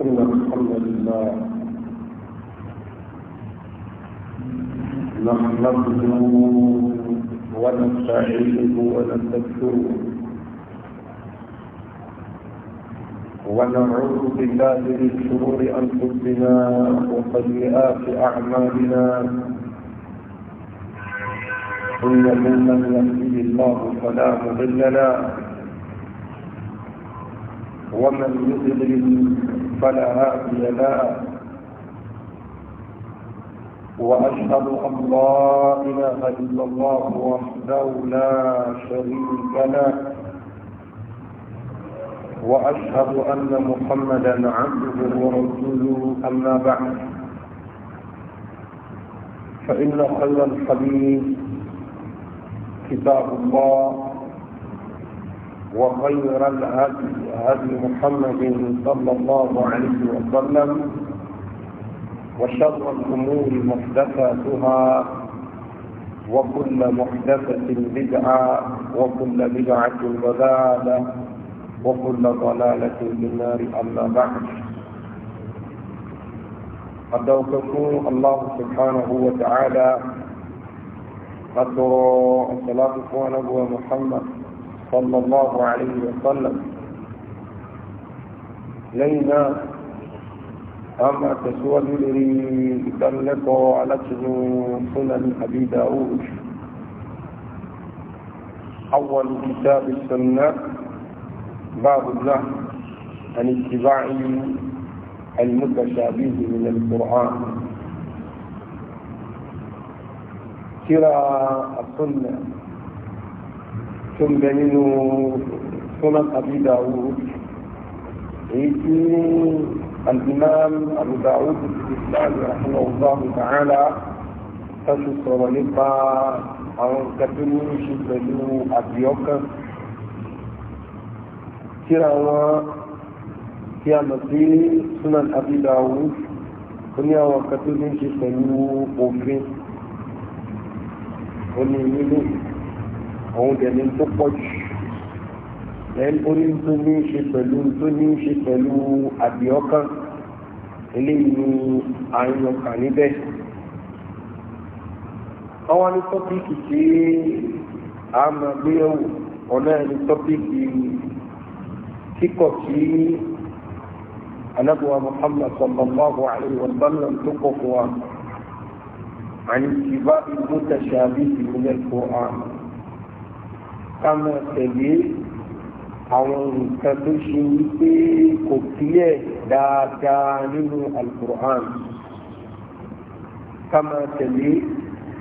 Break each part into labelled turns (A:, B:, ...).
A: إن الحمد لله نحمده ونستعينه ونستغفره ونعوذ بالله من شرور أنفسنا وسيئات أعمالنا إن من يهده الله فلا مضل له ومن يضلل فلا هادي له وأشهد أن لا إله إلا الله وحده لا شريك له وأشهد أن محمدا عبده ورسوله أما بعد فإن خير الحديث كتاب الله وخير الهدي هدي محمد صلى الله عليه وسلم وشر الأمور محدثاتها وكل محدثة بدعة وكل بدعة ضلالة وكل ضلالة في النار أما بعد أدعوكم الله سبحانه وتعالى أترى الصلاة على محمد صلى الله عليه وسلم لينا أما تسوى لري دلك وعلته سنن أبي داود أول كتاب السنة باب الله عن اتباع المتشابه من القرآن ترى السنة tó ń bẹ nínú sọ́nà tàbí dàwó èyí tí al-imam Abu Dawud islam rahimahullahu ta'ala tàṣù sọ̀rọ̀ nípa àwọn kẹtù ní ṣe pẹ̀lú àbíọ́kàn kíra wọn tí a mọ̀ sí sunan Abi Dawud ó ní àwọn kẹtù ní ṣe pẹ̀lú òfin ó ní ìlú òun dẹ̀ ní tó pọ̀ jù then ó ní tó ní ṣe pẹ̀lú tó ní ṣe pẹ̀lú àbíọ́kàn eléyìí ni àyàn kà níbẹ̀. àwọn ní tọ́pìkì tí a máa gbé yẹ̀wò ọ̀nà ẹni tọ́pìkì kíkọ̀ sí anabuwa muhammad sallallahu alaihi wa sallam tó kọ̀ fún wa àti ìbá ìgbó tẹ̀sán àbí ìgbó mẹ́kọ̀ọ́ àmì ká máa tẹ̀lé àwọn nǹkan tó ṣe wípé kò kílẹ̀ dáadáa nínú alukur'an ká máa tẹ̀lé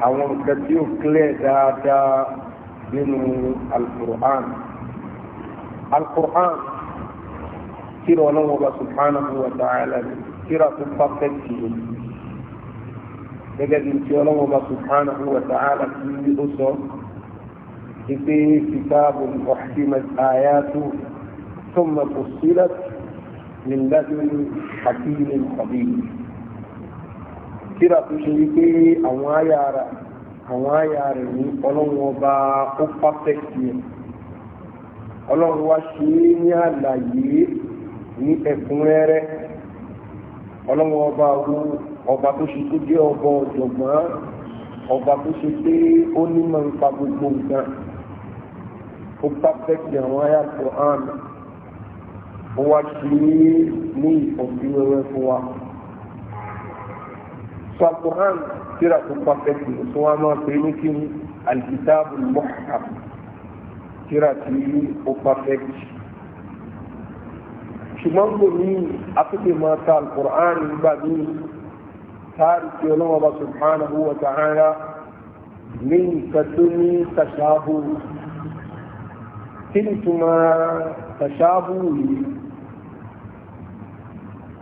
A: àwọn nǹkan tí ó kílẹ̀ dáadáa nínú alukur'an alukur'an kíra ọlọ́wọ́ bá subhanahu wa ta'ala kíra tó pàfẹ́tì yìí gẹ́gẹ́ bí tí ọlọ́wọ́ bá subhanahu wa ta'ala kí ó sọ. إيه كتاب أحكمت آياته ثم فصلت من لدن حكيم خبير kíra tó ṣe wípé àwọn àyà rẹ̀ àwọn àyà rẹ̀ ní ọlọ́run ọba ó pàfẹ́kì ẹ̀ ọlọ́run wá ṣe é ní àlàyé ní ẹ̀kúnrẹ́rẹ́ ọlọ́run ọba wo ọba tó ṣe tó jẹ́ ọba ọ̀jọ̀gbọ́n ọba tó ṣe pé ó nímọ̀ nípa gbogbo nǹkan ó pàfẹ́kì àwọn ayá Quran ó wá sí ní ìfọ̀síwẹ́wẹ́ fún wa sọ Quran síra tó pàfẹ́kì tó wá máa pè ní kí ni alkitabu muhkam síra tí ó pàfẹ́kì ṣùgbọ́n kò ní àtúntò máa ta Quran nígbà míì táàrìkì ọlọ́wọ́ bá subhanahu wa ta'ala ní nǹkan tó ní tàṣáhùn kí ni túmọ̀ tàṣáàbù yìí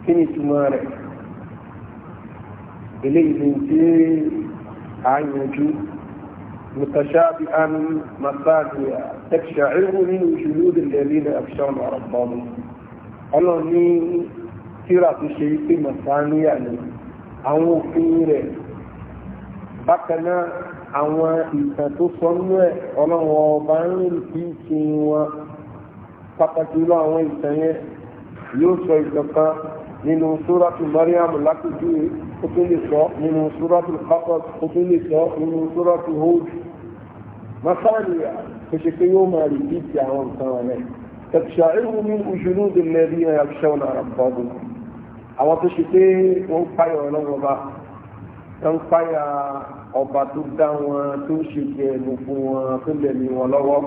A: kí ni túmọ̀ rẹ̀ eléyìí ni tí a yanjú متشابها مفاتيح تقشعر من جلود الذين أبشروا ربهم ọlọ́run ní tíra tó ṣe pé màsáníà ni àwọn òfin rẹ̀ bákan àwọn ìtàn tó sọ nínú ẹ̀ ọlọ́run ọba ń rìn kí ṣe wọn pàtàkì lọ àwọn ìtàn yẹn yóò sọ ìtàn kan nínú súrátù Maryam lápẹjú ó tún lè sọ nínú súrátù Qasas ó tún lè sọ nínú súrátù Hud masáàlìyà tó ṣe pé yóò máa rí bí ti àwọn nǹkan rẹ̀ tẹ̀síṣàìrù ní òṣèlú ìdílẹ̀rí ẹ̀yà ṣẹ́wọ̀n ara bọ́ọ̀dù àwọn tó ṣe pé wọ́n ń páyà ọlọ́wọ́ bá wọ́n ń páyà ọba tó dá wọn tó ṣe jẹ ẹnu fún wọn tó lẹ̀mí wọn lọ́wọ́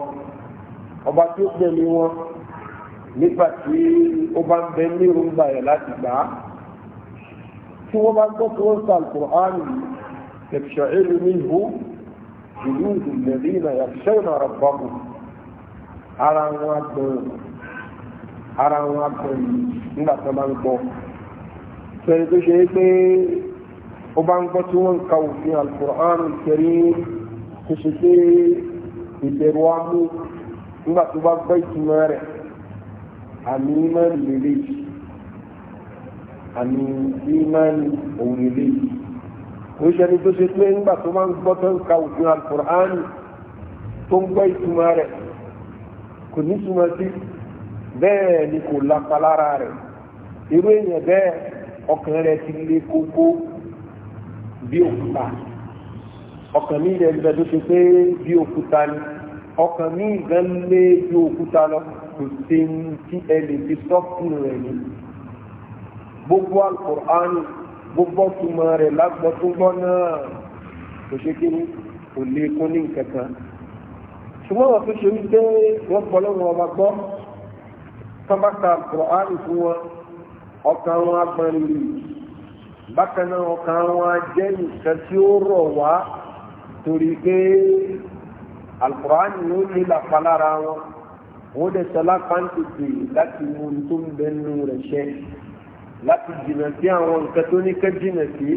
A: ọba tó gbẹ̀mí wọn nígbà tí ó bá ń bẹ ní ìrúgbà rẹ̀ láti gbà á tí wọ́n bá gbọ́ tó ń sa alukur'ani yẹ̀pṣọ̀ ẹ̀rù níhu ìlú ìdùnnẹ̀lì náà yẹ̀pṣọ̀ ìnà rẹ̀ bọ́mù ara wọn agbọ̀n ara wọn agbọ̀n nígbà tó bá ń gbọ́ sọ pé ó bá ń gbọ́ tí wọ́n ń ka òfin alukur'an kẹrí tó ṣe pé ìbẹ̀rù amú nígbà tó bá gbọ́ ìtumọ̀ rẹ̀ àmì ìmánì lélẹ̀ yìí àmì ìmánì òun lélẹ̀ yìí ó ṣe ni tó ṣe pé nígbà tó kò ní túmọ̀ irú èèyàn bẹ́ẹ̀ ọkàn rẹ̀ ti le kókó bí òkúta ọkàn mi ilẹ̀ ẹgbẹ́ tó ṣe pé bí òkúta ni ọkàn mi ìgbẹ́ lé bí òkúta lọ kò sí tí ẹ lè fi sọ́ọ̀kù rẹ̀ ní gbogbo alukọ̀ránì gbogbo túmọ̀ rẹ̀ lágbọ́ tó gbọ́ náà kò ṣe kí ni kò lè kún ní nǹkan kan ṣùgbọ́n wọn tó ṣe wí pé wọ́n gbọ́ lọ́wọ́ ọba gbọ́ tọ́ba ka alukọ̀ránì fún wọn ọkàn wọn agbọ̀nrin rèé bákan náà ọkàn wọn jẹ́ nǹkan tí ó rọ̀ wá torí pé alukùránì yóò ní lápá lára wọn wọ́n dẹ̀ sọlá pàǹtẹ̀tẹ̀ láti mú un tó ń bẹ nínú rẹ̀ ṣẹ́ láti jìnà sí àwọn nǹkan tó ní kẹ́ jìnà sí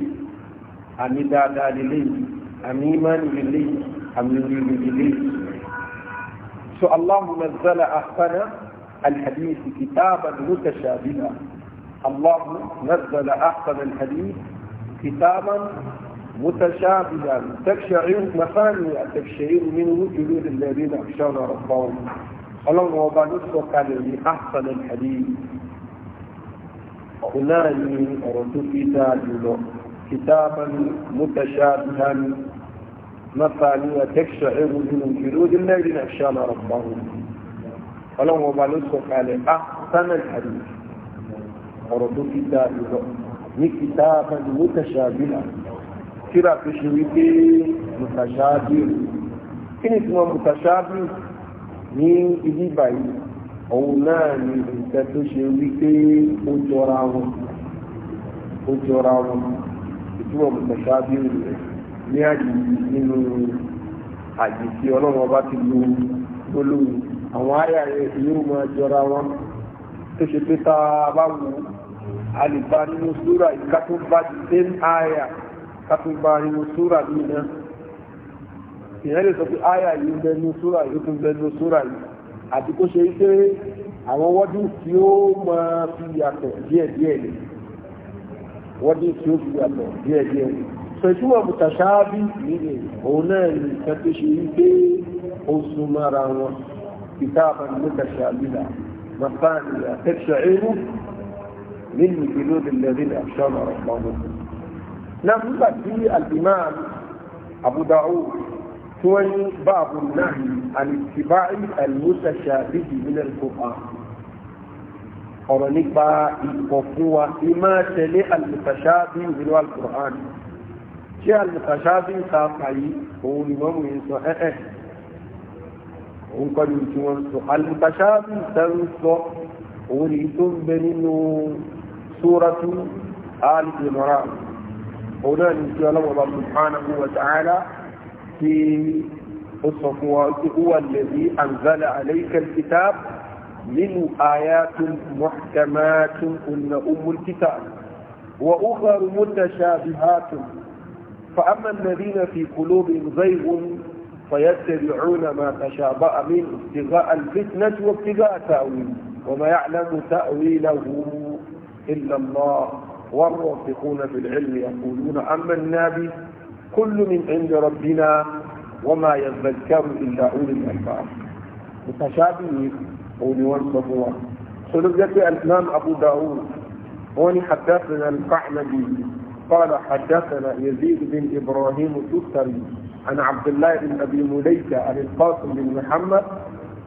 A: àmì dáadáa lélẹ́yìn àmì ìmánì lélẹ́yìn àmì ìrìn lélẹ́yìn. so Allahu nazzala ahsana alhadisi kitaban mutashabiha. الله نزل أحسن الحديث كتابا متشابها تكشعر مفاني التكشعر منه جلود الذين أكشعر ربهم اللهم وبعد نسوك على أحسن الحديث أولاني رسول كتاب كتابا متشابها مفاني تكشعر منه جلود الذين أكشعر ربهم اللهم وبعد نسوك على أحسن الحديث ọ̀rọ̀ tó fi dá ìlọ ní kìtà àbájú mùtàṣàbíhà kíra tó ṣe wípé mùtàṣàbíhù kí ni ìtumọ̀ mùtàṣàbíhù ní ibi ìbàyí òun náà ni ìtẹ́ tó ṣe wípé ó jọra wọn ó jọra wọn ìtumọ̀ mùtàṣàbíhù rẹ̀ ní àyè nínú àyè tí ọlọ́run ọba ti lu gbólóhùn àwọn àyà rẹ̀ yóò máa jọra wọn tó ṣe pé tá a bá wù ú àlùbá nínú súra ìkàtúbá di same aya kàtúbá nínú súra yìí náà ìyẹn lè sọ pé aya yìí bẹ nínú súra yìí tún bẹ nínú súra yìí àti kó ṣe wípé àwọn wọ́dí tí ó máa fi yàtọ̀ díẹ̀díẹ̀ ni wọ́dí tí ó fi yàtọ̀ díẹ̀díẹ̀ ni pẹ̀túwọ̀ mùtàṣáábí nílé òun náà ní nǹkan tó ṣe wípé ó sún mọ́ra wọn kìtàbà mùtàṣáábí là màfáàní nínú ìlú ìlẹ̀rí àṣọ́nà ọ̀pọ̀lọpọ̀. náà nígbà tí al-Imam Abu Dawud tí wọ́n ní báàbù náà àlìsíbáì àlùmọ́sàṣà bíbí nílẹ̀ kópa ọ̀rọ̀ nípa ìkọ̀ fún wa ìmọ̀ tẹ̀lé àlùmọ́sàṣà bíbí nílẹ̀ tí àlùmọ́sàṣà bíbí ta kàyí òun ni wọ́n mú yẹn sọ ẹ́ẹ́ òun kọ́ ni tí wọ́n sọ àlùmọ́sàṣà bíbí sọ òun ni tó ń bẹ nínú سورة آل عمران هنا نسي الله سبحانه وتعالى في قصة هو الذي أنزل عليك الكتاب منه آيات محكمات هن أم الكتاب وأخر متشابهات فأما الذين في قلوبهم زيغ فيتبعون ما تشابه منه ابتغاء الفتنة وابتغاء تأويله وما يعلم تأويله إلا الله والراسخون في العلم يقولون أما النبي كل من عند ربنا وما يذكر إلا أولي الألباب متشابه أولي والصفوة سلوكة الإمام أبو داود هون حدثنا القعنبي قال حدثنا يزيد بن إبراهيم السكري عن عبد الله بن أبي مليكة عن القاسم بن محمد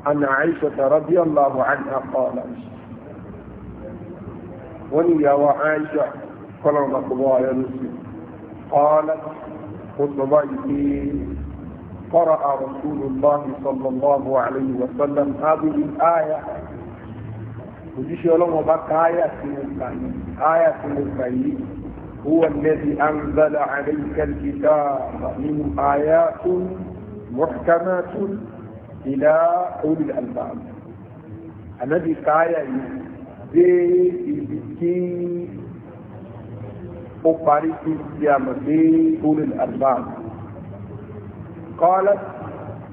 A: عن عائشة رضي الله عنها قالت wọ́n ní ìyàwó Aisha kọ́lọ̀rọ̀ bá kọ́bọ́ ayọ́ ló sì kọ́lá ó sọ báyìí pé kọ́rọ̀ àrùsùlù lọ́hìn sallallahu alayhi wa sallam ábìlì áyà òjíṣẹ́ ọlọ́wọ́ bá ka áyà sí mo kà yìí áyà محكمات إلى أولي الألباب الذي كايا dé ibi tí ó parí sí tí a mọ̀ قالت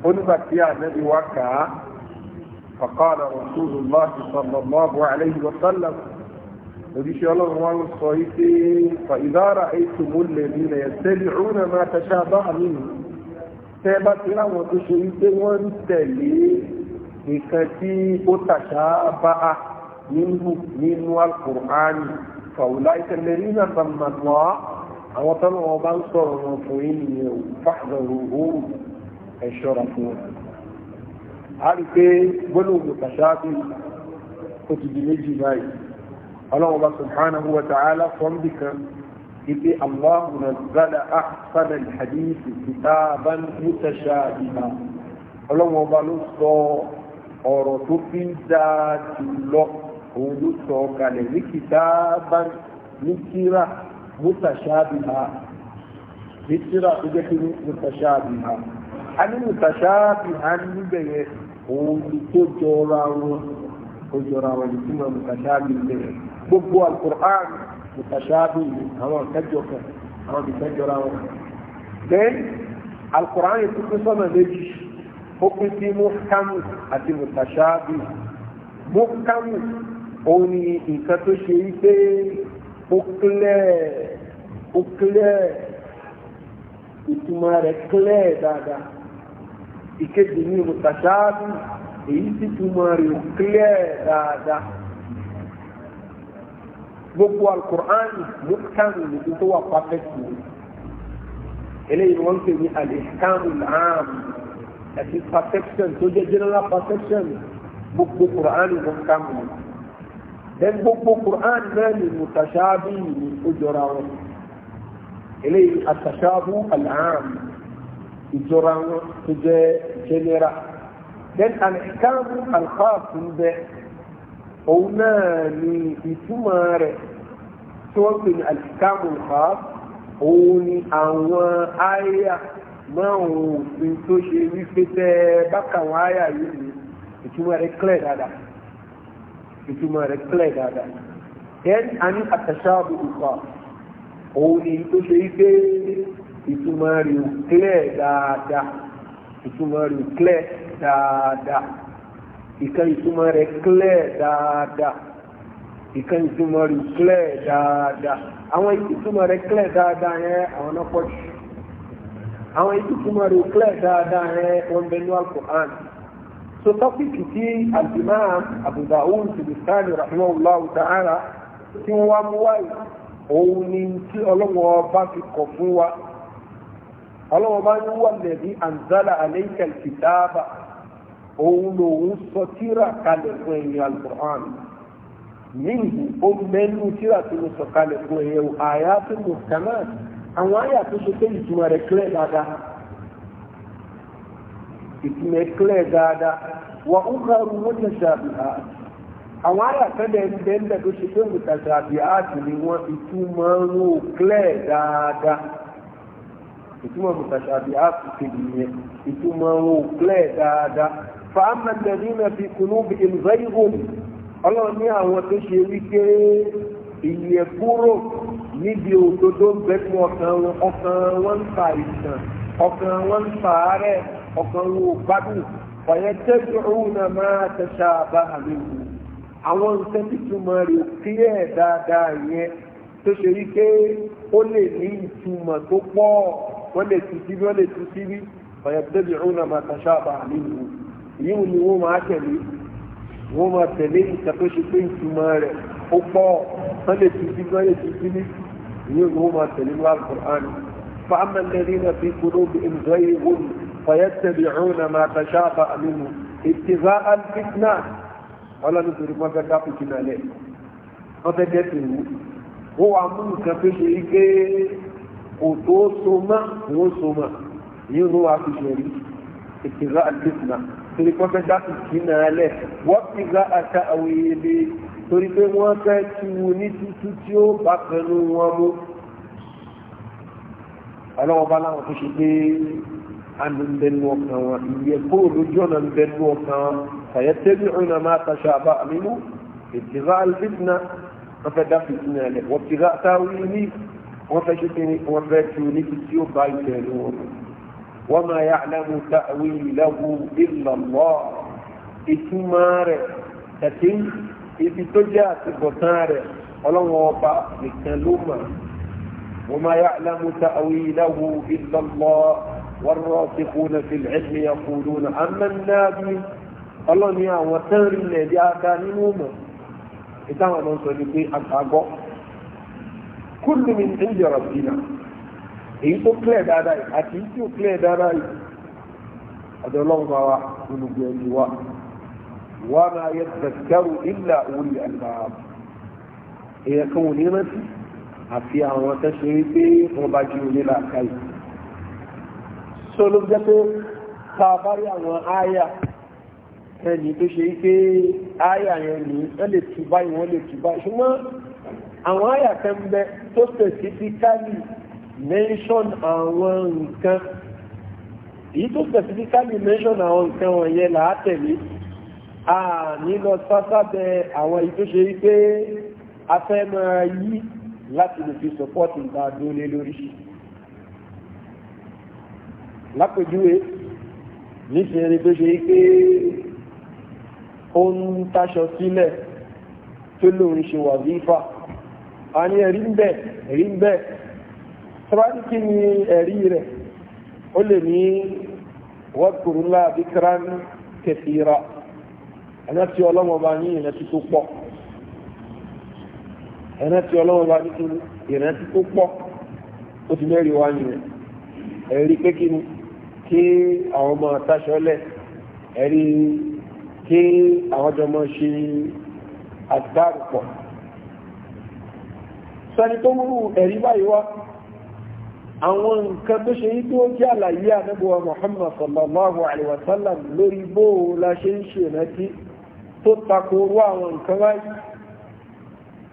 A: قلبت يا نبي وكا فقال رسول الله صلى الله عليه وسلم وديش الله رواه الصحيحي فإذا رأيتم الذين يتبعون ما تشابه منه tẹ́bá ti ráwọn tó ṣe wípé wọ́n ń tẹ̀lé tí ó tàṣà bá a nínú nínú alukur'ani fàwùlá ìtẹ̀lẹ̀rí náà bàmà lọ́ àwọn tọ́lọ̀ wọn bá ń sọ̀rọ̀ wọn fún yìí nìyẹn o fàdàrú òru ẹ̀ ṣọ́ra fún wọn. a rí pé gbólóhùn mùtàṣáàbí ó ti di méjì báyìí ọlọ́run ọba ló sọ ọ̀rọ̀ tó fi ń dáa jù lọ òun ló sọ kalẹ̀ ní kìtàbá ní kíra mùtàṣábìhà ní kíra tó jẹ́ kí ní mùtàṣábìhà a ní mùtàṣábìhà níbẹ̀ yẹn òun ni tó jọra wọn tó jọra wọn ní kíma mùtàṣábì bẹ̀rẹ̀ gbogbo alukur'an mùtàṣábì àwọn ìkẹjọ kan àwọn ìkẹjọra wọn. bẹ́ẹ̀ alukur'an yẹn tó sọ́nà méjì ó pín sí mọ́kámù àti mùtàṣábì mọ́kámù òun ni nǹkan tó ṣe wípé ó kílẹ̀ ó kílẹ̀ ìtumọ̀ rẹ̀ kílẹ̀ dáadáa ìkéde ní mùtàṣáàbù èyí sì túmọ̀ rẹ̀ ó kílẹ̀ dáadáa gbogbo alukur'ani mùtàmù nìkú tó wà pàfẹ́tì eléyìí wọ́n ń pè ní alìsíkàmù làámù àti perfection tó jẹ́ general perfection gbogbo kur'ani mùtàmù nìkú then gbogbo Qur'an náà ni mutashabi ni ó jọra wọn eléyìí atashabu al'am ìjọra wọn tó jẹ́ general then al-ihkam al-khas ń bẹ òun náà ni ìtumọ̀ rẹ̀ tí wọ́n pè ní al-ihkam òun ni àwọn àyà márùn-ún òfin tó ṣe wípé tẹ́ bákàwọn àyà yìí ni ìtumọ̀ rẹ̀ clear dáadáa ìtumọ̀ rẹ̀ kílẹ̀ dáadáa. then a ní àtàṣàbù ìkọ̀ òun ni tó ṣe wípé ìtumọ̀ rẹ̀ ò kílẹ̀ dáadáa ìtumọ̀ rẹ̀ ò kílẹ̀ dáadáa ìkan ìtumọ̀ rẹ̀ kílẹ̀ dáadáa ìkan ìtumọ̀ rẹ̀ kílẹ̀ dáadáa àwọn ìtumọ̀ rẹ̀ kílẹ̀ dáadáa yẹn àwọn náà pọ̀ jù àwọn ìtumọ̀ rẹ̀ kílẹ̀ dáadáa yẹn wọ́n bẹ ní Al-Qur'an so topic tí al-imam Abu Dawud Sijistani rahimahullahu ta'ala tí wọ́n wá mú wáyé òun ni tí ọlọ́wọ́ bá fi kọ̀ fún wa ọlọ́wọ́ bá ní wà lẹ́bí anzala alayka al-kitaba òun lòun sọ tíra kalẹ̀ fún ẹ̀yìn al-Qur'an minhu ó mẹ́nu tíra tó ń sọ kalẹ̀ fún ẹ̀yìn àyà tó ń sọ kanáà àwọn àyà tó ṣe pé ìtumọ̀ rẹ̀ kílẹ̀ dáadáa ìtumọ̀ ẹ̀kílẹ̀ dáadáa wà ó kàrù wọ́n tẹ̀ ṣàbí ha àwọn àyàkẹ́lẹ̀ ń bẹ́ẹ̀ lẹ̀ tó ṣe pé mùtà ṣàbí ha ti ní wọ́n ìtumọ̀ ń wò kílẹ̀ dáadáa ìtumọ̀ mùtà ṣàbí ha ti ṣe nìyẹn ìtumọ̀ ń wò kílẹ̀ dáadáa fàámà tẹ̀lé náà fi kùnú bí ìlúfẹ́yìnwó ọlọ́run ní àwọn tó ṣe wípé ìyẹ̀ kúrò níbi òdodo bẹ́ẹ̀ ọkàn wọn ń fa ìtàn ọkàn wọn ń fa àárẹ̀ ọkàn wo gbádùn fayattab'una ma tashabaha minhu àwọn nǹkan títúmọ̀ rẹ̀ kílẹ̀ dáadáa yẹn tó ṣe rí pé ó lè ní ìtumọ̀ tó pọ̀ wọ́n lè tu síbí wọ́n lè tu síbí fayattab'una ma tashabaha minhu yíwù ni wọ́n máa tẹ̀lé wọ́n máa tẹ̀lé nǹkan tó ṣe pé ìtumọ̀ rẹ̀ ó pọ̀ wọ́n lè tu síbí wọ́n lè tu síbí yíwù ni wọ́n máa tẹ̀lé wọ́n al-Qur'an fa'amma alladhina fi qulubihim zaghun فيتبعون ما تشابه منه ابتغاء الفتنة ولا نترك ما تكافي كنا ليه ما تكافي هو من كفي إيكي وتوسما وسما يروى في شريك ابتغاء الفتنة ترك ما تكافي كنا ليه وابتغاء تأويله torí pé wọ́n fẹ́ tí wo ní tútú tí ó bá pẹ̀lú wọn anu ń bẹnu ọkàn wọn ìyẹ kúrò lójú ọ̀nà ń bẹnu ọkàn wọn fàyẹ́tẹ́bí ọ̀nà máa taṣà àbá àmínú ìtìrá alifitna wọ́n fẹ́ dá fìtínà ẹ̀lẹ̀ wọ́n tìrá táwọn ní wọ́n fẹ́ ṣe kí wọ́n fẹ́ tu ní kí tí ó bá ìtẹ̀lú wọn. wọ́n máa yà àlámù táwí ìlàwù ìlàlọ́ ìtumọ̀ rẹ̀ tàbí ibi tó jẹ́ àtibọ̀tán rẹ̀ ọlọ́wọ́n ọba nìkan ló mọ̀ wọ́n máa yà àlámù táwí ìlàwù ìlàlọ́ والراسخون في العلم يقولون أما النبي ọlọ́run ní àwọn tẹ́rì ilẹ̀ ẹ̀dí aka nínú mọ̀ ìtàwọn ọmọ sọ ní pé àgbàgbọ́ kúlù mi ń yọ̀rọ̀ sí náà èyí tó clear dáadáa yìí àti èyí tí ó clear dáadáa yìí ọ̀dọ̀ ọlọ́run bá wa olùgbé ẹni wa wà máa yẹ tẹ̀síkẹ́rù ìlà òwúlì àgbà èèyàn kan ò ní rántí àfi àwọn tẹ́sí wípé wọ́n bá jí onílà káyìí so ló jẹ́ pé ta bá rí àwọn àyà ẹni tó ṣe pé àyà yẹn ní wọ́n lè tù báyìí wọ́n lè tù báyìí ṣùgbọ́n àwọn àyà kan tó specifically mention àwọn nǹkan èyí tó specifically mention àwọn nǹkan wọ̀nyẹn là á tẹ̀lé a nílọ sásábẹ àwọn èyí tó ṣe pé a fẹ́ máa yí láti lè fi support nǹkan àdó lé lórí lápèjúwe nísìnyí ẹni tó ṣe pé ó ń táṣọ sílẹ̀ tó lóun ṣe wàzífà a ní ẹ̀rí ń bẹ̀ ẹ̀rí ń bẹ̀ tọ́bátìkì ni ẹ̀rí rẹ̀ ó lè ní wọ́dùkùrúlá bíkran kẹfìrà ẹ̀nà tí ọlọ́mọba ní ìrántí tó pọ̀ ẹ̀nà tí ọlọ́mọba ní ìrántí tó pọ̀ ó ti mẹ́rin wá nìyẹn ẹ̀rí pé kí ni kí àwọn ọmọ àtàṣọlẹ̀ ẹ̀rí kí àwọn ọjọ́mọ ṣe àdárùpọ̀ sani tó múrù ẹ̀rí báyìí wá àwọn nǹkan tó ṣe tó jẹ́ àlàyé àdẹ́bùwà Muhammad sallallahu alaihi wasallam lórí bó la ṣe ń ṣe rántí tó takoró àwọn nǹkan báyìí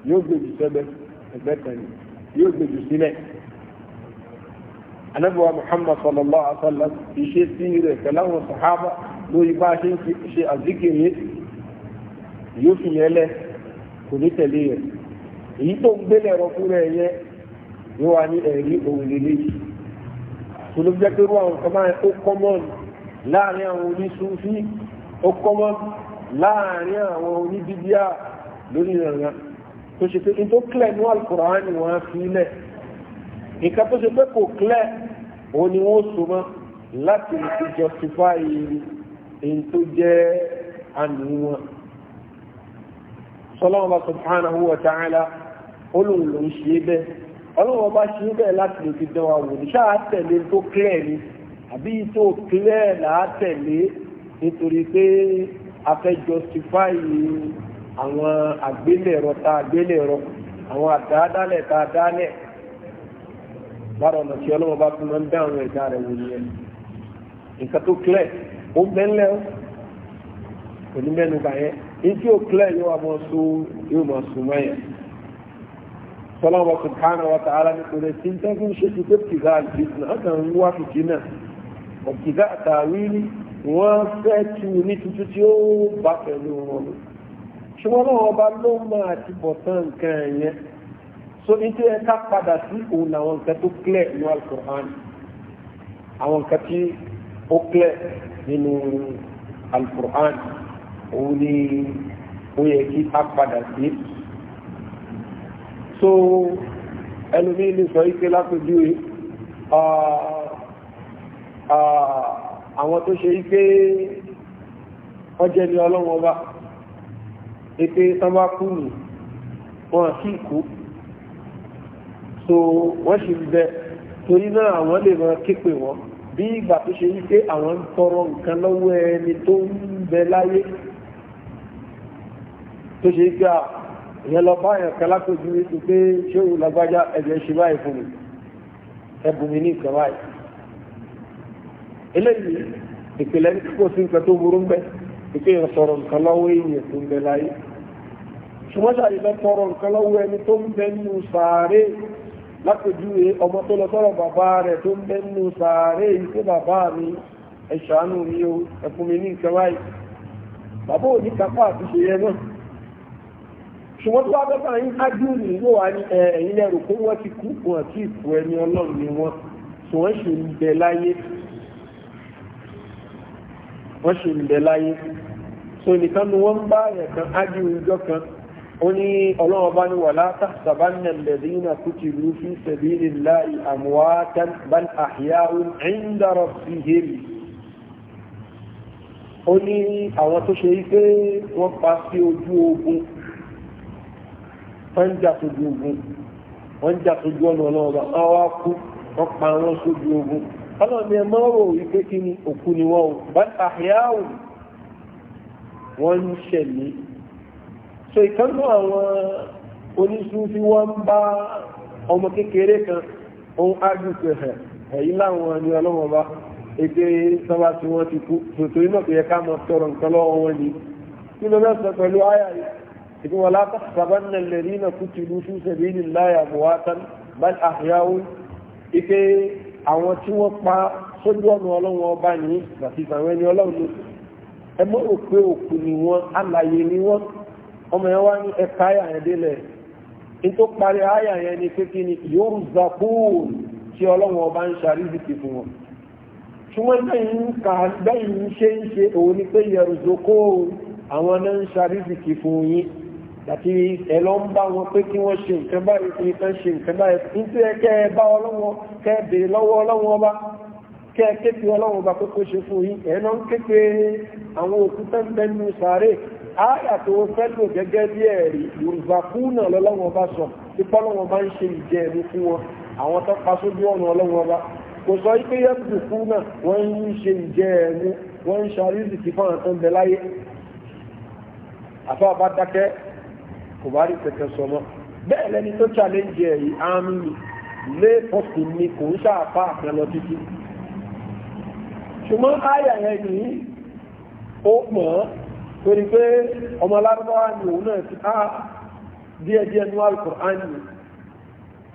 A: yóò gbèjù sẹ́gbẹ́ ẹgbẹ́ anabiwa muhammad sallallahu alaihi wa sallam iṣẹ́ sí rẹ̀ pẹ̀láwọn sàhábà lórí bá a ṣe ń ṣe àzíkiri yóò fi yẹn lẹ kò ní tẹ̀lé rẹ̀ èyí tó ń gbélé ẹ̀rọ fún rẹ̀ yẹn ni wà ní ẹ̀rí òun lélẹ̀ yìí tó ló jẹ́ pé àwọn kan máa ó kọ́mọ́n láàrin àwọn oníṣúfí ó kọ́mọ́n láàrin àwọn oníbíbíà lórí ìrànlá tó ṣe pé ní tó kílẹ̀ ní àlùkùránì wọn fi lẹ̀ nǹkan tó ṣe pé clear ni wọ́n so mọ́ láti fi justify èyí tó jẹ́ àmì wọn sọlọ́wọ́n bá subhanahu wa ta'ala olóhùn ló ń ṣe bẹ́ẹ̀ ọlọ́wọ́n bá ṣe bẹ́ẹ̀ láti lè wa wò ní a tẹ̀lé clear ni àbí clear nítorí pé a fẹ́ justify àwọn àgbélẹ̀rọ tá àgbélẹ̀rọ àwọn ta àdáalẹ̀ lára ọ̀nà tí ọlọ́wọ́ bá fi máa ń dá àwọn ẹ̀dá rẹ̀ wò nìyẹn nǹkan tó clear ó bẹ́ńlẹ̀ ó kò ní mẹ́nu bà yẹn ní tí ó clear yóò wá mọ́ so yóò mọ́ so mọ́ yẹn sọlọ́wọ́ subhanahu wa ta'ala ní kòlẹ̀ tí ń tẹ́kù ń ṣe ti pé kìdá àgbẹ̀sìn ọ̀gá ń wá fìdí náà ọ̀kìdá àtàwírí wọ́n fẹ́ tu ní tuntun tí ó bá pẹ̀lú wọn ṣùgbọ́n náà ọba ló máa ti bọ̀ tán nǹkan yẹn so ní tí ẹ ká padà sí òun àwọn nǹkan tó clear nínú alukur'an àwọn nǹkan tí ó clear nínú alukur'an òun ni ó yẹ kí a padà sí so ẹlòmíín ní sọ ike lápèjúwe àwọn tó ṣe ike wọ́n jẹ́ ní bá ètè tán bá kú nù wọ́n sí ìkú so wọ́n sì ń bẹ torí náà àwọn lè máa képe wọn bí ìgbà tó ṣe wípé àwọn ń tọrọ nǹkan lọ́wọ́ ẹni tó ń bẹ láyé tó ṣe wípé ìyẹn lọ bá yẹn kan lápòjú wípé pé ṣé òun lágbájá ẹ̀jẹ̀ ṣe báyìí fún mi ẹ̀bùn mi ní nǹkan báyìí eléyìí ìpìlẹ̀ ní kíkó sí nǹkan tó burú ń bẹ ìpè yẹn sọ̀rọ̀ nǹkan lọ́wọ́ èèyàn tó ń bẹ láyé ṣùgbọ́n ṣàyẹ̀dọ́ tọrọ nǹkan lọ́wọ́ ẹni tó ń bẹ nínú sàárè lápèjúwe ọmọ tó lọ sọ́rọ̀ bàbá rẹ̀ tó ń bẹ́nu sàárè ìṣe bàbá mi ẹ mi o ẹ fún mi ní nǹkan báyìí bàbá ò ní kápá àti ṣe yẹn náà ṣùgbọ́n tó wá bẹ́ẹ̀ bá yín ájú ní yóò wá ní ẹ̀yìn lẹ́rù pé wọ́n ti kú wọn àti ìkú ẹni ọlọ́run ni wọ́n tí wọ́n ṣe ń bẹ láyé wọ́n ṣe ń bẹ láyé so nìkan ni wọ́n ń bá ẹ̀kan ájú ìjọ kan oni ọlọ́wọ́ bá ní wàlá tàbánà lẹ́dínà kutilu fi sabilillahi àmúwátán bal ahya'un inda rabbihim ó ní àwọn tó ṣe wípé wọ́n pa sí ojú ogun wọ́n ń jà sójú ogun wọ́n jà sójú ọ̀nà ọlọ́wọ́ bá wá wọ́n pa wọn sójú ogun ọlọ́ni ni òkú so ìkánú àwọn oníṣúfí wọ́n ń bá ọmọ kékeré kan ohun ágbùkù ẹ̀ ẹ̀yí láwọn ni ọlọ́wọ́n bá ètè sábà tí wọ́n ti kú tòtòrí náà tó yẹ ká mọ sọ̀rọ̀ nǹkan lọ́wọ́ wọn ni kí ló náà bal àhíyáwó ìpè àwọn tí pa sójú ọ̀nà ọlọ́wọ́n ọba ní àti ìsàwọn ẹni ọlọ́run ẹ òpé òkú ni wọ́n alàyè ni wọ́n ọmọ yẹn wá ní ẹ̀ka àyà yẹn délẹ̀ nítorí parí àyà yẹn ni pé ni yóò zakúùn tí ọlọ́run ọba ń ṣàríbìtì fún wọn ṣùgbọ́n lẹ́yìn ká lẹ́yìn ṣe ń ṣe òun ni pé yẹrùzókó àwọn náà ń ṣàríbìtì fún yín àti ẹ̀lọ́ ń bá wọn pé kí wọ́n ṣe nǹkan báyìí fún ìtàn ṣe nǹkan báyìí fún tí ẹ bá ọlọ́wọ́ kẹ́ ẹ bèèrè lọ́wọ́ ọlọ́wọ́ ọba kẹ́ ẹ képe ọlọ́wọ́ ọba pé kó ṣe fún yín ẹ̀ náà ń képe àwọn òkúta ń bẹnu sàárè ààyà tó fẹ́lò gẹ́gẹ́ bí ẹ̀rí yorùbákúnà lọ́lọ́wọ́n bá sọ tí pọ́lọ́wọ́n bá ń ṣe ìjẹ́ ẹ̀mí fún wọn àwọn tó pa sójú ọ̀nà ọlọ́wọ́n bá kò sọ pé yẹ́bùkù kúnà wọ́n ń ṣe ìjẹ́ ẹ̀mí wọ́n ń ṣàríṣì sí fún àwọn tó ń bẹ láyé àfọ́ àbá dákẹ́ kò bá rí kẹ̀kẹ́ sọ mọ́ bẹ́ẹ̀ lẹ́ni tó challenge ẹ̀ yìí àmì lé pọ́sì mi kò ń ṣàpá àpẹlọ títí ṣùgbọ́n ààyà yẹn nìyí ó mọ̀ ọ́ torí pé ọmọ alárúbáwá ni òun náà ti ká díẹ̀díẹ̀ ní alukur'ani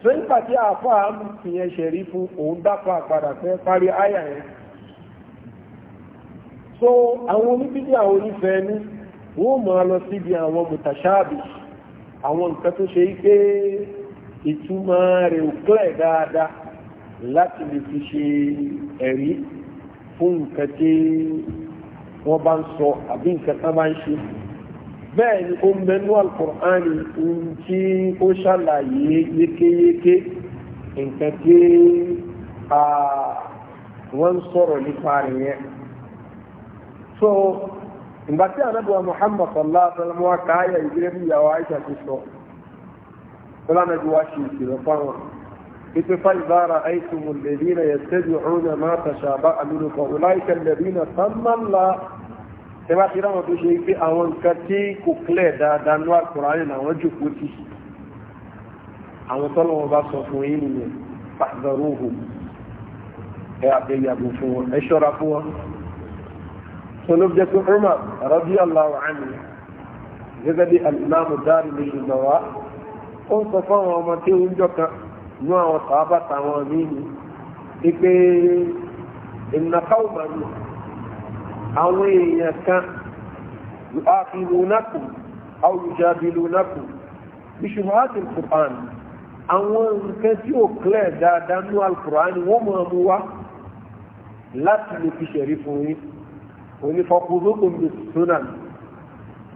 A: tó ń pàtí àfọ́ àmì ìyẹn ṣẹ̀rí fún òun dápọ̀ àpàdà fẹ́ parí àyà yẹn so àwọn oníbíbí àwọn onífẹ́ ní wọ́n máa lọ síbi àwọn mùtàṣáàbì àwọn nǹkan tó ṣe pé ìtumọ̀ rẹ̀ ò kílẹ̀ dáadáa láti lè fi ṣe ẹ̀rí fún nǹkan tí wọ́n bá ń sọ àbí nǹkan tán bá ń ṣe bẹ́ẹ̀ ni ó mẹ́nu alukur'ani ohun tí ó ṣàlàyé yékéyéké nǹkan tí wọ́n ń sọ̀rọ̀ nípa rẹ̀ yẹn. so ìgbà tí anábìwá muhammad sallallahu alaihi wa sallam wa káyà ìgbérẹ́bí ìyàwó aisha ti sọ. Tọ́lá náà ṣe ìṣèlú fáwọn. اتفا إذا رأيتم الذين يتبعون ما تشابه منه فأولئك الذين سمى الله tẹ́bá ti ráwọn tó ṣe pé àwọn nǹkan tí kò clear dáadáa ní àkùránì làwọn jòkó tí àwọn tọ́lọ́ wọn bá sọ fún yín nìyẹn pàdánù òhù ẹ àbẹ̀yàgò fún wọn ẹ ṣọ́ra fún wọn. sọlọ́ jẹ́ pé Umar radiyallahu anhu gẹ́gẹ́ bí alimami dárí lè ṣùgbọ́n wa ó ń sọ fún àwọn ọmọ tí ó ń jọ kan ní àwọn sàábà táwọn míì ni wípé ìnàkàwò màlúù àwọn èèyàn kan yuakilunakum aw yujabilunakum bishuhati alquran àwọn nǹkan tí ó clear dáadáa ní alquran wọ́n mọ̀ mú wá láti lè fi ṣẹ̀rí fún yín onífọkùnrúkùn sunan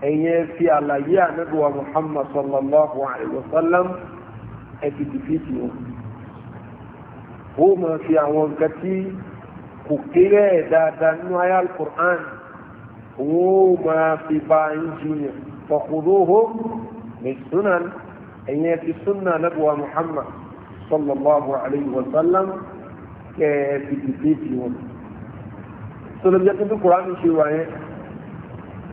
A: ẹ̀yẹn fi àlàyé ànábì muhammad sallallahu alaihi wasallam ẹ̀kì dìfíìtì wọn ó mọ̀ sí àwọn nǹkan tí kò kéré ẹ̀ dáadáa nínú ayé alukur'an òun ó máa fi bá yín jiyàn fọkùnrúhó ní sunan ẹ̀yìn ẹ̀kì sunna nabuwa muhammad sallallahu alayhi wa sallam kẹ́ ẹ̀kì dìfíìtì wọn sọlọ́jà tó bí kur'an ṣe wáyé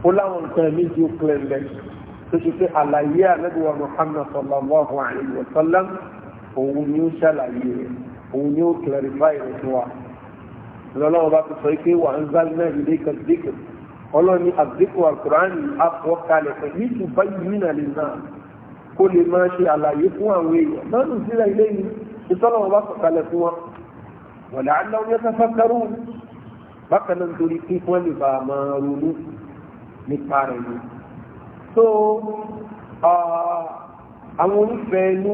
A: ó láwọn nǹkan mi ti kílẹ̀ lẹ́yìn tó ṣe pé àlàyé àlẹ́gbẹ̀wà Muhammad sallallahu alayhi wa sallam òun ni ó ṣàlàyé rẹ̀ òun ni ó clarify rẹ̀ fún wa lọ́lọ́wọ́ bá ti sọ pé wà ń zá náà ilé kan díkù ọlọ́ni àdíkù àkùránì àfọ́kalẹ̀ pẹ̀lú ìtùbá yìí nà lè náà kó lè máa ṣe àlàyé fún àwọn èèyàn náà nù sílẹ̀ ilé yìí ìtọ́lọ́wọ́ bá sọ̀kalẹ̀ fún wọn wọ̀lẹ̀ aláwọ̀ yẹn fẹ́ kẹrù bákan náà nítorí pé wọ́n lè bá máa ronú nípa rẹ̀ yìí so àwọn onífẹ́ inú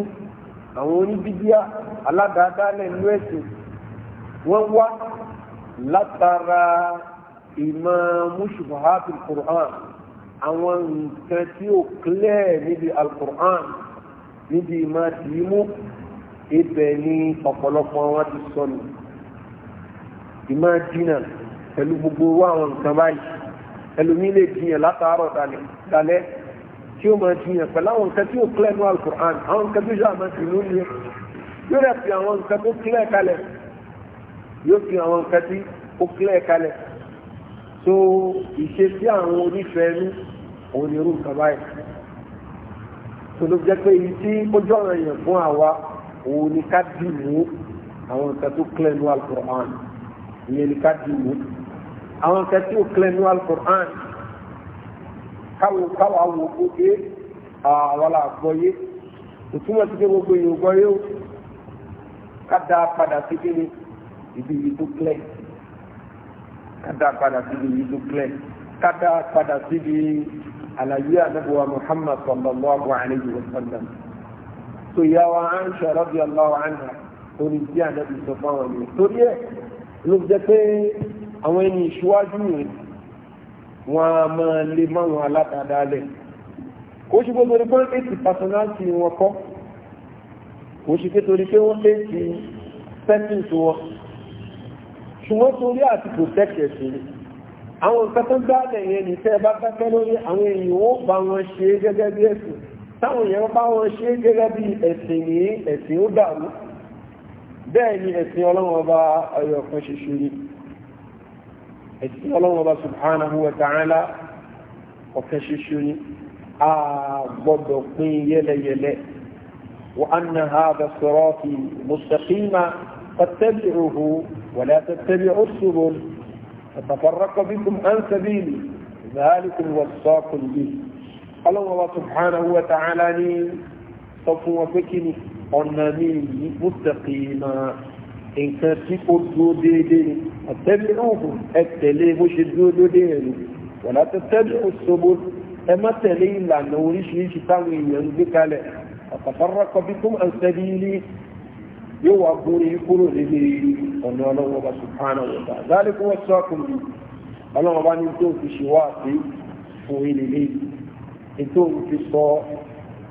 A: àwọn oníbíbíà aládàádálẹ̀ inú ẹ̀sìn wọ́n wá látara ìmọ̀ mùsùlùmí Qur'an àwọn nǹkan tí ó clear níbi al-Qur'an níbi ìmọ̀ tìmú ibẹ̀ ni ọ̀pọ̀lọpọ̀ wọn ti sọnù ìmọ̀ jìnnà pẹ̀lú gbogbo àwọn nǹkan báyìí ẹlòmí lè jiyàn látàárọ̀ dalẹ́ tí ó máa jiyàn pẹ̀lú àwọn nǹkan tí ó kílẹ̀ ní alukur'an àwọn nǹkan tó yàrá ti ló lé yóò rẹ̀ fi àwọn nǹkan tó kílẹ̀ kalẹ̀ yóò fi àwọn nǹkan tí ó kílẹ̀ kalẹ̀ tó ìṣe sí àwọn onífẹ̀ẹ́ ní òun ni irú tó ló jẹ́ pé èyí tí ó jọ̀ràn yàn fún àwa òun ni ká dì mú àwọn nǹkan tó kílẹ̀ ní alukur'an ìyẹn ni ká dì mú àwọn kan tí ó kílẹ̀ ní alukur'an káwọ káwọ àwọn òkú dé àwọn ah, àgbọ̀yé òtúmọ̀ sí pé gbogbo èèyàn gbọ́yé ó kádà padà sí kéde ibi yìí tó kílẹ̀ kádà padà sí Muhammad sallallahu alayhi wa sallam tó yà wá Aisha radiyallahu anha onídìí ànábì sọ fáwọn ènìyàn torí ẹ̀ ló jẹ́ pé àwọn ẹni ìṣíwájú rẹ̀ wọn a máa lè máwọn alátàdálẹ̀ kò ṣe gbogbo ní pọ́n ètì pàṣánátì wọn kọ́ kò ṣe kétorí pé wọ́n ètì sẹ́ńtìsì wọn ṣùgbọ́n torí àti protect ẹ̀sìn àwọn nǹkan tó gbáàlẹ̀ yẹn ní tẹ́ bá dákẹ́ lórí àwọn èèyàn ó bá wọn ṣe gẹ́gẹ́ bí ẹ̀sìn táwọn èèyàn bá wọn ṣe gẹ́gẹ́ bí ẹ̀sìn ní ẹ̀sìn ó dàrú bẹ́ẹ̀ ni ẹ̀sìn ọlọ́run ọba ọyọ̀ kan ṣoṣo ni ẹ̀sìn ọlọ́run ọba subhanahu wa ta'ala ọ̀kẹ́ ṣoṣo ni a gbọ́dọ̀ pín yẹlẹyẹlẹ wa anna hadha sirati mustaqima fattabi'uhu wa la tattabi'u subul فتفرق بكم عن سبيلي ذلكم وصاكم به ọlọ́run ọba subhanahu wa ta'ala ní sọ fún wọn pé kí ni ọ̀nà ní yìí mustaqima nǹkan tí ó dúró déédéé ni àtẹ́lẹ́ òògùn ẹ tẹ̀lé bó ṣe dúró déédéé yẹn ni wọ̀nà tó tẹ́lẹ̀ òṣogbo ẹ má tẹ̀lé ìlànà oríṣiríṣi táwọn èèyàn ń gbé kalẹ̀ àtàfàrà kọbí fún ẹsẹ̀bí ní yóò wá borí kúrò níbi ọ̀nà ọlọ́wọ́ bá subhanahu wa ta'ala dáálé kó wọ́n sọ ọkùnrin ọlọ́wọ́ bá ní tó fi ṣe wá sí fún ilé lẹ́yìn ètò fi sọ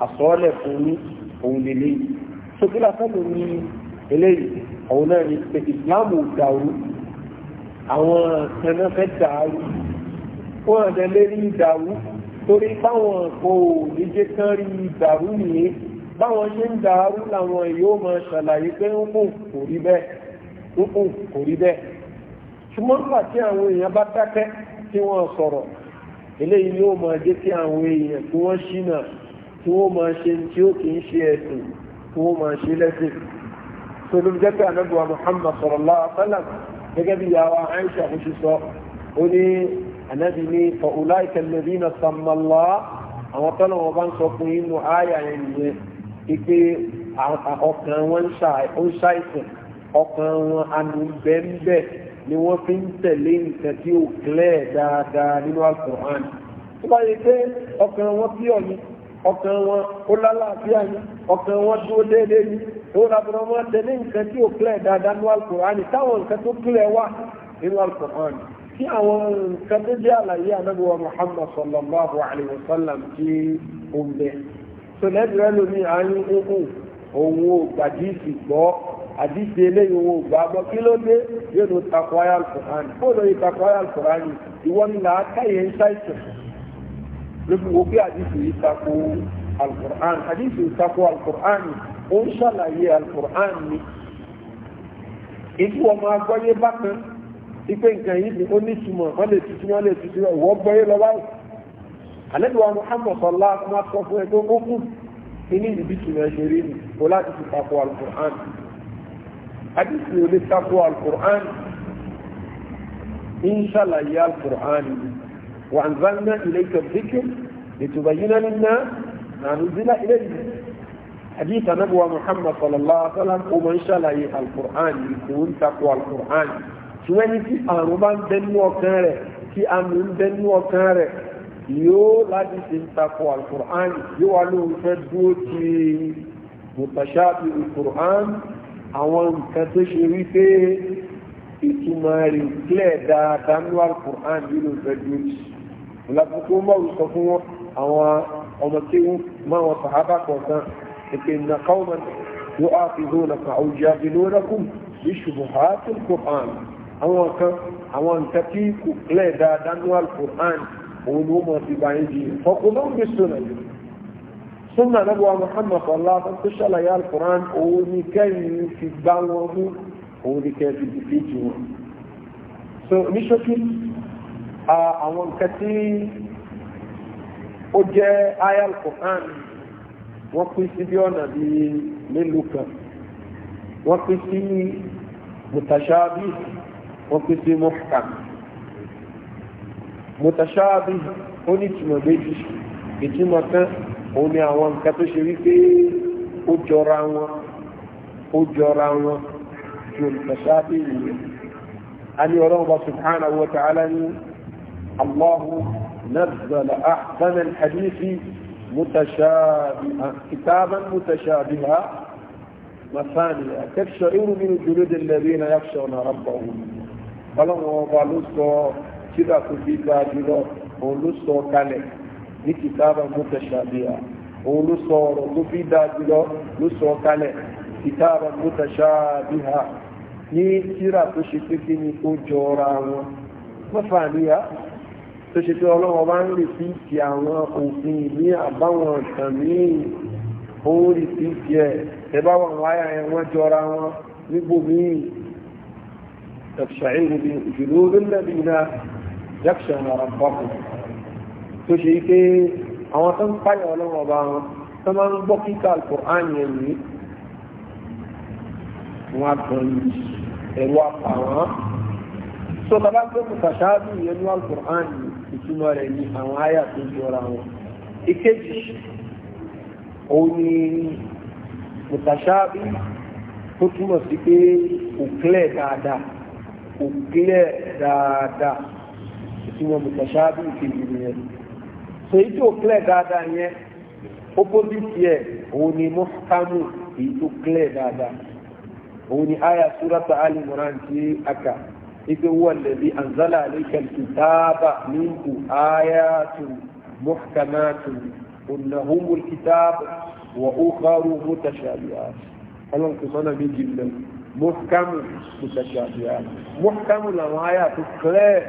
A: àsọ́ọ́lẹ̀ fún òun lè lẹ́yìn eléyìí ọ̀hún náà ni pé ìsìláàmù dàrú àwọn ẹ̀nà fẹ́ dàrú wọ́n àdẹ lérí dàrú torí báwọn kò ní jẹ́ kán rí dàrú nìyí báwọn ṣe ń dàrú làwọn yóò máa ṣàlàyé pé ń kù kò rí bẹ́ẹ̀ ń kù kò rí bẹ́ẹ̀ ṣùgbọ́n nígbà tí àwọn èèyàn bá dákẹ́ tí wọ́n sọ̀rọ̀ eléyìí yóò máa jẹ́ kí àwọn èèyàn tí wọ́n ṣìnà tí wọ́n máa ṣe tí ó kì í ṣe ẹ̀sìn tí wọ́n máa ṣe lẹ́sìn pẹ̀lú jẹ́pẹ́ anábùwà Muhammad sallallahu alaihi wasallam gẹ́gẹ́ bí yàwó Aisha kò ṣe sọ ó ní anábì ní fa'ulá ìkẹlẹ̀rí na sàmàlá àwọn tọ́lọ̀ wọn bá ń sọ fún inú àyà yẹn nìyẹn ipe ọkàn wọn ń ṣàìsàn ọkàn wọn àmì ni wọ́n fi ń tẹ̀lé nǹkan tí ó kílẹ̀ dáadáa nínú al tó bá yẹ pé ọkàn wọn pí ọ̀ ọkàn wọn ó lálàáfíà ni ọkàn wọn dúró déédéé ni ó rabọ̀rọ̀ wọn tẹ̀lé nǹkan tí ò kílẹ̀ dáadáa ní alukur'ani táwọn nǹkan tó kílẹ̀ wà nínú alukur'ani tí àwọn nǹkan tó jẹ́ àlàyé anábìwọ̀ Muhammad sallallahu alayhi wa sallam tí ń bẹ. sọlẹ́dìrẹ́ lómi à ń hùhùn òun ò gbàdíìsì gbọ́ àdíje eléyìí owó gbàgbọ́ kí ló dé yóò ló takọ̀ ayé alukur'ani bó lóye takọ̀ ayé alukur'ani ìwọ ló fi wo pé àdìsí yìí tako alukur'an àdìsí yìí tako alukur'an ó ń ṣàlàyé alukur'an ni ìtú ọmọ agbọ́yé bákan ipe nǹkan yìí ni ó ní túmọ̀ wọ́n lè tutù wọ́n lè tutù wọ́n gbọ́yé lọ báyìí àlẹ́dùwà muhammad sọlá fún ẹgbẹ́ ogún inú ìbí túnmọ̀ ẹgbẹ́ rí ni kò láti fi tako alukur'an àdìsí yìí ó lè tako alukur'an ń ṣàlàyé alukur'an ni. وأنزلنا إليك الذكر لتبين للناس ما نزل إليهم حديث نبوة محمد صلى الله عليه وسلم ومن شاء القرآن يكون تقوى القرآن ṣùgbọ́n ní tí àrùn bá ń bẹ nínú ọkàn rẹ̀ tí àmì ń bẹ nínú ọkàn rẹ̀ yóò láti ṣe ń takò alukur'an yóò wá lóun fẹ́ dúró ti mutashabi alukur'an àwọn nǹkan tó ṣe wí pé ìtumọ̀ rẹ̀ kílẹ̀ dáadáa nínú alukur'an yóò lóun fẹ́ dúró ti ìlàkùnkùn mọ́rù sọ fún wọn àwọn ọmọ tí wọ́n máa wọn sàhábà kọ̀ọ̀kan ìpè nà káwọn yóò á fi hó nà kà òjì àbínúrakùn bí ṣubuhatul Qur'an àwọn kan àwọn nǹkan tí kò kílẹ̀ dáadáa nínú al-Qur'an òun ni wọ́n mọ̀ sí báyìí di ọkùnrin ń bí sọ̀nà yìí sọ́nà lẹ́gbọ́n Muhammad ọ̀la tó ṣàlàyé al-Qur'an òun ni kẹ́yìn fi gbá wọn mú òun ni kẹ́yìn fi dìbìtì wọn. so ní ṣókí àwọn nǹkan tí ó jẹ́ ayal Qur'an wọ́n pín sí bí ọ̀nà bí mélòó kan wọ́n pín sí mutashabi wọ́n pín sí muhkam mutashabi ó ní ìtumọ̀ ni àwọn nǹkan tó ṣe wípé ó jọra wọn ó jọra wọn ju mutashabi nìyẹn a ní ọlọ́run bá subhanahu wa ta'ala الله نزل أحسن الحديث متشابها كتابا متشابها مثانية تبشعر من جلود الذين يخشون ربهم فلما ظلوا كذا كتب جلو ولسوا كالك كتابا متشابها ولسوا كتب جلو لسوا كالك كتابا متشابها ní tíra tó ṣe pé kí ni ó jọra wọn mọ́fà níyà tó ṣe pé ọlọ́wọ́ bá ń rí sí ti àwọn òfin ní àbáwọn ìtàn míì ó ń rí sí ti ẹ̀ ẹ̀báwọn wáyà ẹ̀ wọ́n jọra wọn nígbò míì تخشعين جلود الذين يخشون ربهم tó ṣe pé àwọn tó ń páyà ọlọ́wọ́ bá wọn tó máa ń gbọ́ kíkà alukur'an yẹn ní wọn àgbọn ẹ̀rọ àpàwọn tó tàbá gbé mùsàṣáàbù yẹn alukur'an yìí ìtumọ̀ rẹ̀ ní àwọn àyà tó jọra wọn ìkejì òun ni mùtàṣáàbí tó túmọ̀ sí pé kò clear dáadáa kò clear dáadáa ìtumọ̀ mùtàṣáàbí ìkejì nìyẹn so èyí tó clear dáadáa yẹn opposite yẹ òun ni mọ́kámù èyí tó clear dáadáa òun ni àyà súrátà alìmọ̀ràn tí aka ipe huwa alladhi anzala alayka alkitaba minhu ayatun muhkamatun hunna humul kitab wa ukharu mutashabihat ọlọ́run kò sọ́nà méjì lọ muhkamu mutashabihat muhkamu làwọn àyà tó clear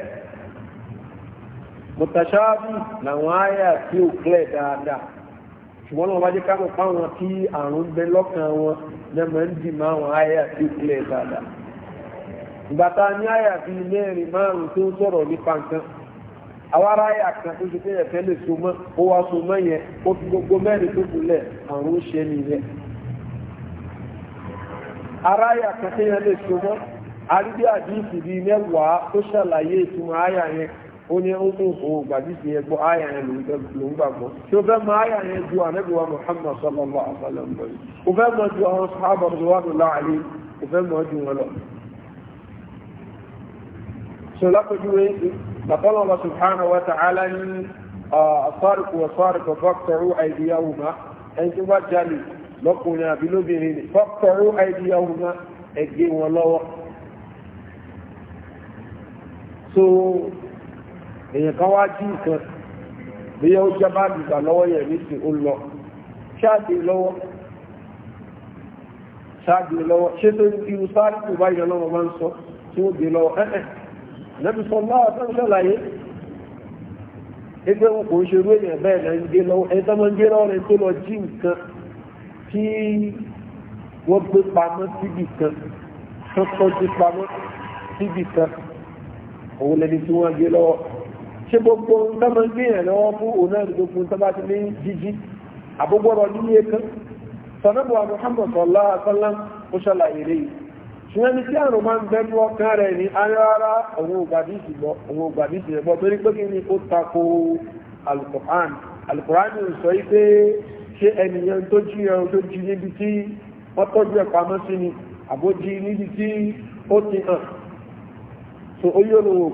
A: mutashabi làwọn àyà tí ó clear dáadáa ṣùgbọ́n lọ́wọ́ bá jẹ́ ká mọ̀ fáwọn tí àrùn bẹ lọ́kàn wọn náà máa ń dì máa wọn àyà tí ó clear dáadáa mbata ní àyà bíi mẹ́rin márùn tó ń sọ̀rọ̀ nípa nǹkan àwọn ará àyà kan tó ṣe pé ẹ̀fẹ́ so mọ́ ó wá so mọ́ yẹn ó fi gbogbo mẹ́rin tó kúnlẹ̀ àrùn ṣe nìyẹn ará àyà kan tó yẹn lè so mọ́ àrídí àdíìsì bíi mẹ́wàá tó ṣàlàyé ìtumọ̀ àyà yẹn ó ní ó mú òun gbàdíìsì yẹn gbọ́ àyà yẹn ló ń gbàgbọ́ tí ó fẹ́ mọ àyà yẹn ju Muhammad sallallahu wa so lápẹjúwe bàtọ́lọ́wọ́ subhanahu wa ta'ala ní asariku asariku fọ́kítọ̀rù àìdíyàwùmá ẹni tó bá jalè lọ́kùnrin àbí lóbìnrin ni fọ́kítọ̀rù àìdíyàwùmá ẹgbẹ́ wọn lọ́wọ́ so èèyàn kan wá jí nǹkan bí yóò jẹ́ bá dìgbà lọ́wọ́ yẹ̀ ní sí ó lọ ṣáàdì lọ́wọ́ ṣáàdì lọ́wọ́ ṣé tó irú sáàdì tó bá yẹ lọ́wọ́ máa ń sọ tí ó gbé lọ́wọ́ ẹ̀ẹ́ lẹ́bi sọ máa tó ń ṣàlàyé ẹgbẹ́ wọn kò ń ṣe irú èèyàn bẹ́ẹ̀ lẹ́ ń gé lọ́wọ́ ẹni tó máa ń gé lọ́wọ́ rẹ̀ tó lọ jí nǹkan tí wọ́n gbé pamọ́ síbì kan tó tọ́jú pamọ́ síbì kan òun lẹni tí wọ́n gé lọ́wọ́ ṣé gbogbo ohun gbé yẹn lọ́wọ́ fún òun náà gbogbo ohun bá ti ní jíjí àbúgbọ́rọ̀ nílé kan sọ̀nàbọ̀ àbúhámọ̀ sọ̀lá àtọ́lá ó ṣàlàyé lẹ́yìn ṣùgbọ́n ní tí àrùn máa ń bẹ́nu ọkàn rẹ̀ ní ayára òun ògbàdìsì ẹ̀gbọ́ torí pé kí ni ó tako alukoran alukoran ń sọ yí pé ẹniyàn ẹnìyàn tó jí ẹran tó jí níbi tí wọ́n tọ́jú ẹ̀ pamọ́ sí ni àbójí níbi tí ó ti hàn so ó yóò nínú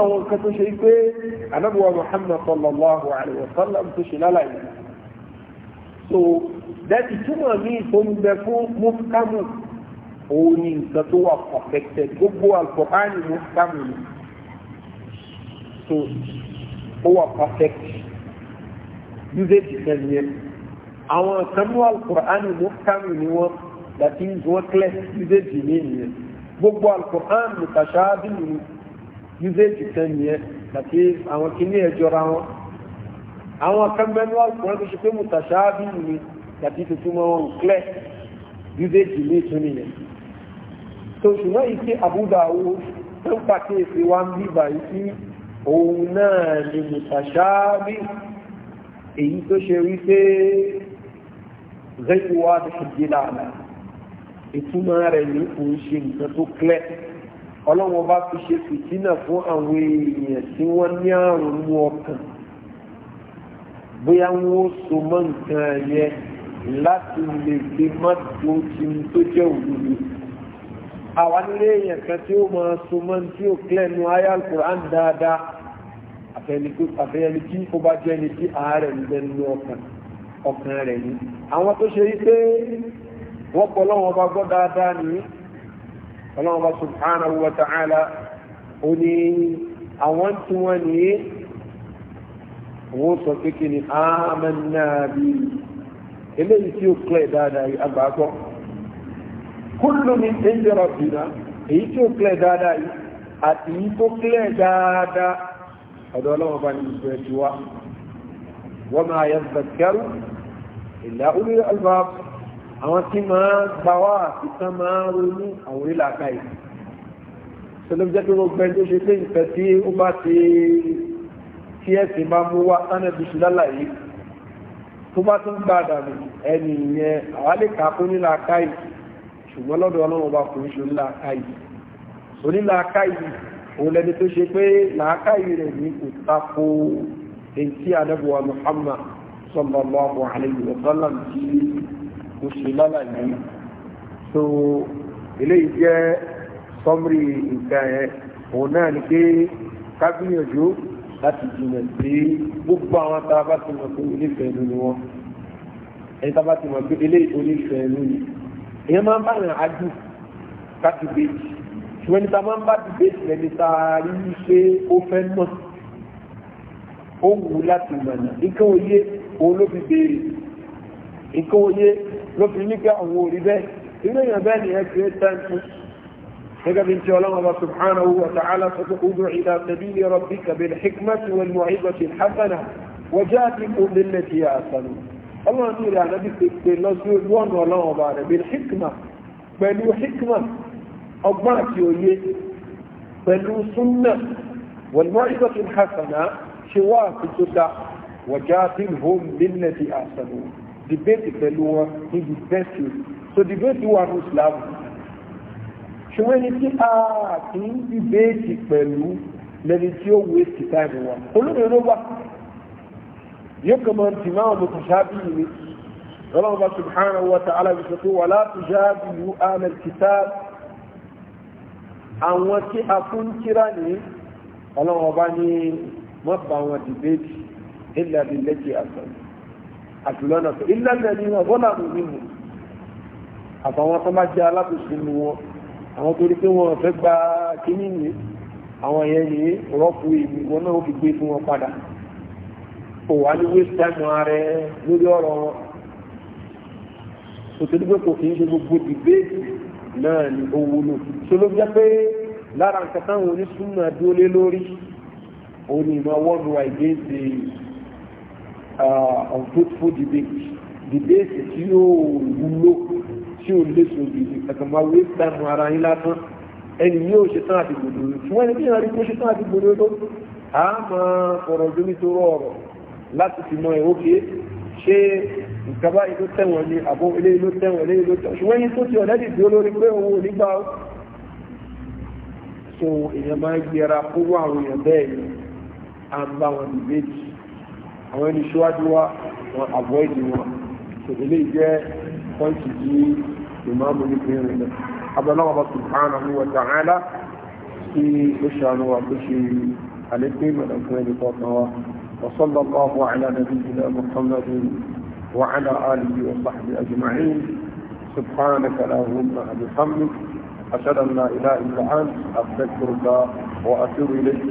A: àwọn nǹkan tó ṣe pé anábùwà sallallahu alaihi tó ṣe so that ìtumọ̀ mi tó ń bẹ fún mufkamu òun ni nǹkan tó wà perfected gbogbo alukọ̀hánì mufkamu ni so ó wà perfect usage kan yẹn àwọn kanú alukọ̀hánì mufkamu ni wọ́n that is wọ́n clear usage mi nìyẹn gbogbo alukọ̀hánì mutashabi ni usage kan yẹn that is àwọn kìíní ẹ̀jọra wọn àwọn akẹ́gbẹ́nú àkùnrin tó ṣe pé mùtàṣáábì ni yàtí tuntun mọ́ wọn clear usage ilé tún nìyẹn tó ṣùgbọ́n ìṣe àbúdà owó tó ń pàkíyèsí wá ń bí báyìí sí òun náà ni mùtàṣáábì èyí tó ṣe rí ìtumọ̀ rẹ̀ ní òun ṣe nǹkan tó clear ọlọ́wọ́n bá fi ṣe fìtínà fún àwọn èèyàn tí wọ́n ní àrùn mú ọkàn bóyá wọn ó so mọ́ nǹkan yẹ láti lè fi mọ́tò tí n tó jẹ́ òwúrò àwọn ilé èèyàn kan tí ó máa so mọ́ tí ó kílẹ̀ nu ayé dáadáa àfẹ́yẹni tí ó bá jẹ́ ni tí ààrẹ ń ọkàn rẹ̀ ni àwọn tó ṣe wípé wọ́n pọ̀ lọ́wọ́n bá gbọ́ dáadáa ni ọlọ́wọ́n bá subhanahu wa ta'ala ó ní àwọn tí wọ́n nìyí wọ́n sọ pé kí ni àmànàbí eléyìí tí ó clear dáadáa yìí agbàgbọ́ kúlù ní ẹ̀ńdẹ̀rọ̀ bìnnà èyí tí ó clear dáadáa yìí àti yìí tó clear dáadáa ọ̀dọ̀ ọlọ́wọ́ bá ní ìṣẹ́ ti wá wọ́n máa yẹ bẹ̀kẹ́rù ìlà orí ọlọ́wọ́ àwọn tí máa gbà wá àti tán máa ronú àwọn orílẹ̀ àkáyì. sọlọ́bí jẹ́ pé tó ṣe pé ìfẹ́ tí ó bá ti tí ẹ̀sìn máa mú wá sánẹ́bí ṣù lálàyé tó bá tún gbà dànù ẹni ìyẹn àwálẹ̀ká kó nílà káyì ṣùgbọ́n lọ́dọ̀ ọlọ́run ọba kò ń ṣe nílà káyì onílà káyì òun lẹni tó ṣe pé làákàyì rẹ̀ ní kò tako èyí tí àdẹ́bùwà Muhammad sallallahu alayhi wa sallam tí kò ṣe lálàyé so eléyìí jẹ́ sọmrí nǹkan ẹ̀ òun náà ni pé kábíyànjú láti jìnà sí gbogbo àwọn tá a bá ti mọ̀ pé onífẹ̀ẹ́ ẹnu ni wọ́n ẹni tá a bá ti mọ̀ pé eléyìí onífẹ̀ẹ́ ẹnu ni èèyàn máa ń bá yàn ájú káàkiri bèjì ṣùgbọ́n níta máa ń bá ti bèjì lẹ́ni tá a rí i pé ó fẹ́ mọ̀ ó wù láti mọ̀nà nǹkan òye òun ló fi béèrè nǹkan òye ló fi ní pé àwọn òrí bẹ́ẹ̀ irú èèyàn bẹ́ẹ̀ ni ẹ kìí tẹ́ ń fún gẹ́gẹ́ bí tí ọlọ́run ọba subhanahu wa ta'ala sọ́kọ́ udu ila sabili rabbika bil hikmati wal mu'izati hasana wa jadilhum billati hiya ahsan ọlọ́run ní ìrìn ànábì pé lọ sí ojú ọ̀nà ọlọ́run ọba rẹ̀ bil hikma pẹ̀lú hikma ọgbọ́n àti òye pẹ̀lú súnnà so debate wà ní ṣùgbọ́n ẹni tí a kì í dìbéètì pẹ̀lú lẹni tí ó wéètì táìmù wa olóòrò wà yóò kàn máa tì máa mọ̀ tàṣábì ni ọlọ́run bá subhanahu wa ta'ala bí sọ pé wà láti ṣáàbì lu ahmed kitab àwọn tí a fún kíra ní ọlọ́run ọba ní wọ́n bá wọn dìbéètì ilẹ̀ abilẹ́kì àtọ̀nù àtúlọ́nà ilẹ̀ lẹ́ni ọ̀gọ́nà mi nù àtàwọn tó má jẹ́ alákòóso nù wọn àwọn torí pé wọn fẹ́ gba kíní ni àwọn yẹn ni rọ́pò èmi wọn náà ó fi gbé fún wọn padà kò wá ní waste time ààrẹ lórí ọ̀rọ̀ wọn kò torí pé kò kì í ṣe gbogbo debate náà ni ó wúlò ṣe ló jẹ́ pé lára nǹkan táwọn onísùnà dúró lé lórí òun ni ìmọ̀ world wide against the uh, unfruitful debate debate tí yóò wúlò tí ò lè sọ gidi ẹ̀kàn máa ara yín lásán ẹni yóò ṣe tán àti gbòdò rẹ̀ fún ẹni tí ìrìn àdúgbò ṣe tán àti gbòdò rẹ̀ a máa fọ̀rọ̀ jómi tó ọ̀rọ̀ láti fi mọ ìwókè ṣé nǹkan báyìí ló tẹ̀wọ̀n ni àbọ̀ eléyìí ló tẹ̀wọ̀n eléyìí ló tẹ̀wọ̀n ṣùgbọ́n yín tó ti ọ̀lẹ́dì dúró lórí pé owó onígbà ó so èèyàn máa ń gbéra kúrò àwọn èèyàn bẹ́ẹ̀ ni à ń bá wọn dìbéjì àwọn ẹni ṣíwájú wa wọn àbọ̀ ìdí wọn so eléyìí jẹ́ pọ́ǹtì yìí إمام ní pé rìn سبحانه وتعالى في wa ta'ala tí ó ṣàánú وصلى الله على نبينا محمد وعلى آله وصحبه أجمعين سبحانك اللهم بحمدك أشهد أن لا إله إلا أنت أستغفرك وأتوب إليك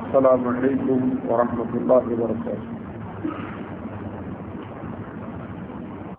A: السلام عليكم ورحمة الله وبركاته